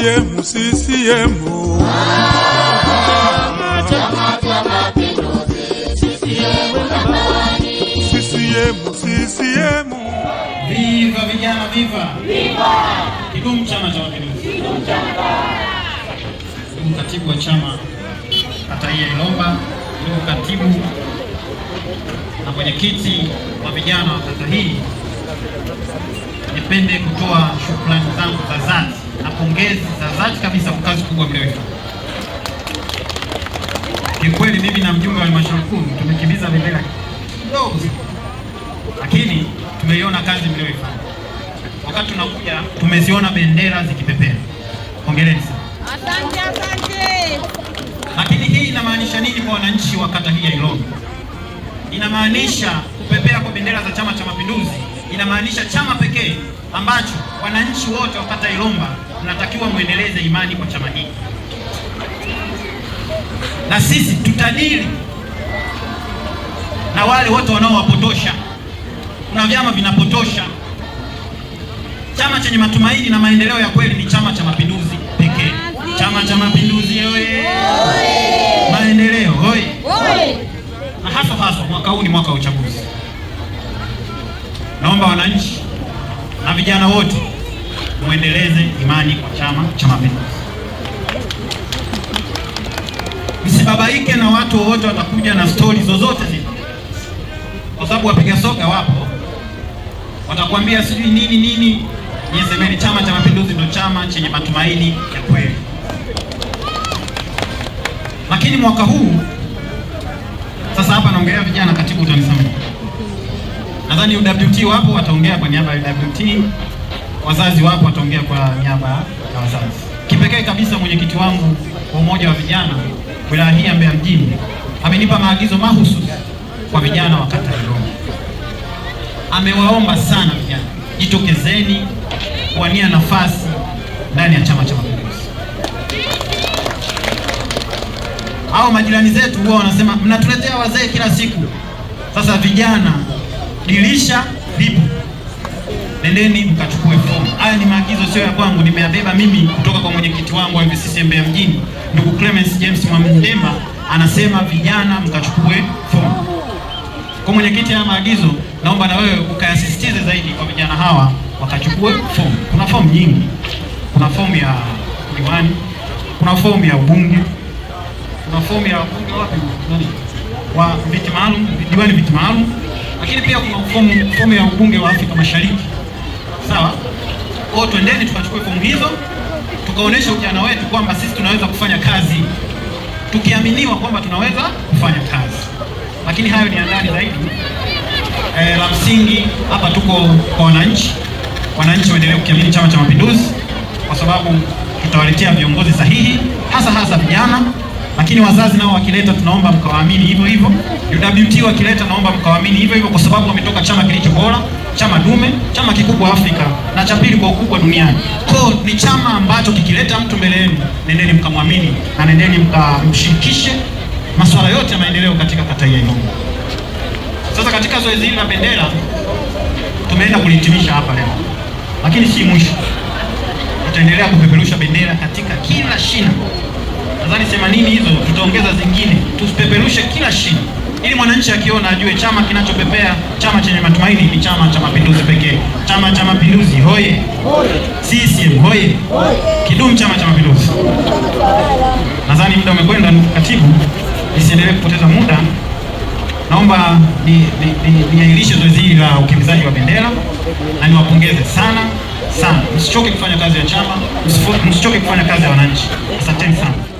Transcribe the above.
CCM, CCM. Oh. Oh. Viva vijana, viva. Kidumu Chama cha Mapinduzi. Ndugu katibu wa chama kata Ilomba, ndugu katibu na mwenyekiti wa vijana wa kata hii, nipende kutoa shukrani zangu za dhati na pongezi za dhati kabisa kwa kazi kubwa mlioifanya. Kikweli mimi na mjumbe wa halmashauri kuu tumekimbiza bendera kidogo, lakini tumeiona kazi mlioifanya. Wakati tunakuja tumeziona bendera zikipepea. Hongereni sana. Asante, asante. Lakini hii inamaanisha nini kwa wananchi wa kata hii ya Ilomi? Inamaanisha kupepea kwa bendera za Chama cha Mapinduzi, inamaanisha chama pekee ambacho wananchi wote wa kata Ilomba tunatakiwa mwendeleze imani kwa chama hiki, na sisi tutadili na wale wote wanaowapotosha. Kuna vyama vinapotosha. Chama chenye matumaini na maendeleo ya kweli ni Chama cha Mapinduzi pekee. Chama cha Mapinduzi oye! Maendeleo oye! Na haswa haswa mwaka huu ni mwaka wa uchaguzi. Naomba wananchi na vijana wote muendeleze imani kwa Chama cha Mapinduzi. Msibabaike na watu wote watakuja na stori zozote zile, kwa sababu wapiga soga wapo, watakuambia sijui nini nini. Nisemeni, Chama cha Mapinduzi ndio chama chenye matumaini ya kweli. Lakini mwaka huu sasa, hapa naongelea vijana, katibu utanisamehe, nadhani UWT wapo, wataongea kwa niaba ya UWT wazazi wapo, wataongea kwa niaba ya wazazi. Kipekee kabisa mwenyekiti wangu wa umoja wa vijana wilaya hii ya Mbeya mjini amenipa maagizo mahususi kwa vijana wa kata ya Amewaomba sana vijana, jitokezeni kuwania nafasi ndani ya Chama cha Mapinduzi. Hao majirani zetu huwa wanasema mnatuletea wazee kila siku, sasa vijana, dirisha lipo, nendeni mkachukue Haya ni maagizo sio ya kwangu, nimeyabeba mimi kutoka kwa mwenyekiti wangu wa MVCCM Mbeya mjini, ndugu Clemence James Mwamdema anasema vijana mkachukue fomu. Kwa mwenyekiti, haya maagizo naomba na wewe ukayasisitize zaidi kwa vijana hawa wakachukue fomu. Kuna fomu nyingi, kuna fomu ya diwani, kuna fomu ya ubunge, kuna fomu ya ubunge wapi nani wa viti maalum, diwani viti maalum, lakini pia kuna fomu ya ubunge wa Afrika Mashariki, sawa Kwao twendeni tukachukue fomu hizo, tukaonesha ujana wetu kwamba sisi tunaweza kufanya kazi, tukiaminiwa kwamba tunaweza kufanya kazi. Lakini hayo ni ya ndani zaidi. E, la msingi hapa tuko kwa wananchi. Wananchi waendelee kukiamini Chama cha Mapinduzi kwa sababu tutawaletea viongozi sahihi, hasa hasa vijana lakini wazazi nao wakileta, tunaomba mkawaamini hivyo hivyo. UWT wakileta, naomba mkawaamini hivyo hivyo, kwa sababu wametoka chama kilicho bora chama dume, chama kikubwa Afrika na cha pili kwa ukubwa duniani. Kwa ni chama ambacho kikileta mtu mbele yenu, nendeni mkamwamini na nendeni mkamshirikishe masuala yote ya maendeleo katika kata yenu. Sasa katika zoezi hili la bendera tumeenda kulihitimisha hapa leo, lakini si mwisho. Tutaendelea kupeperusha bendera katika kila shina, nadhani 80 hizo tutaongeza zingine tu turekebishe kila shida ili mwananchi akiona ajue chama kinachopepea, chama chenye matumaini ni Chama cha Mapinduzi pekee. Chama cha Mapinduzi hoye! CCM hoye! Kidumu Chama cha Mapinduzi! Nadhani muda umekwenda, katibu, nisiendelee kupoteza muda. Naomba niahirishe ni, ni, ni zoezi hili la ukimbizaji wa bendera na niwapongeze sana sana. Msichoke kufanya kazi ya chama, msichoke kufanya kazi ya wananchi. Asanteni sana.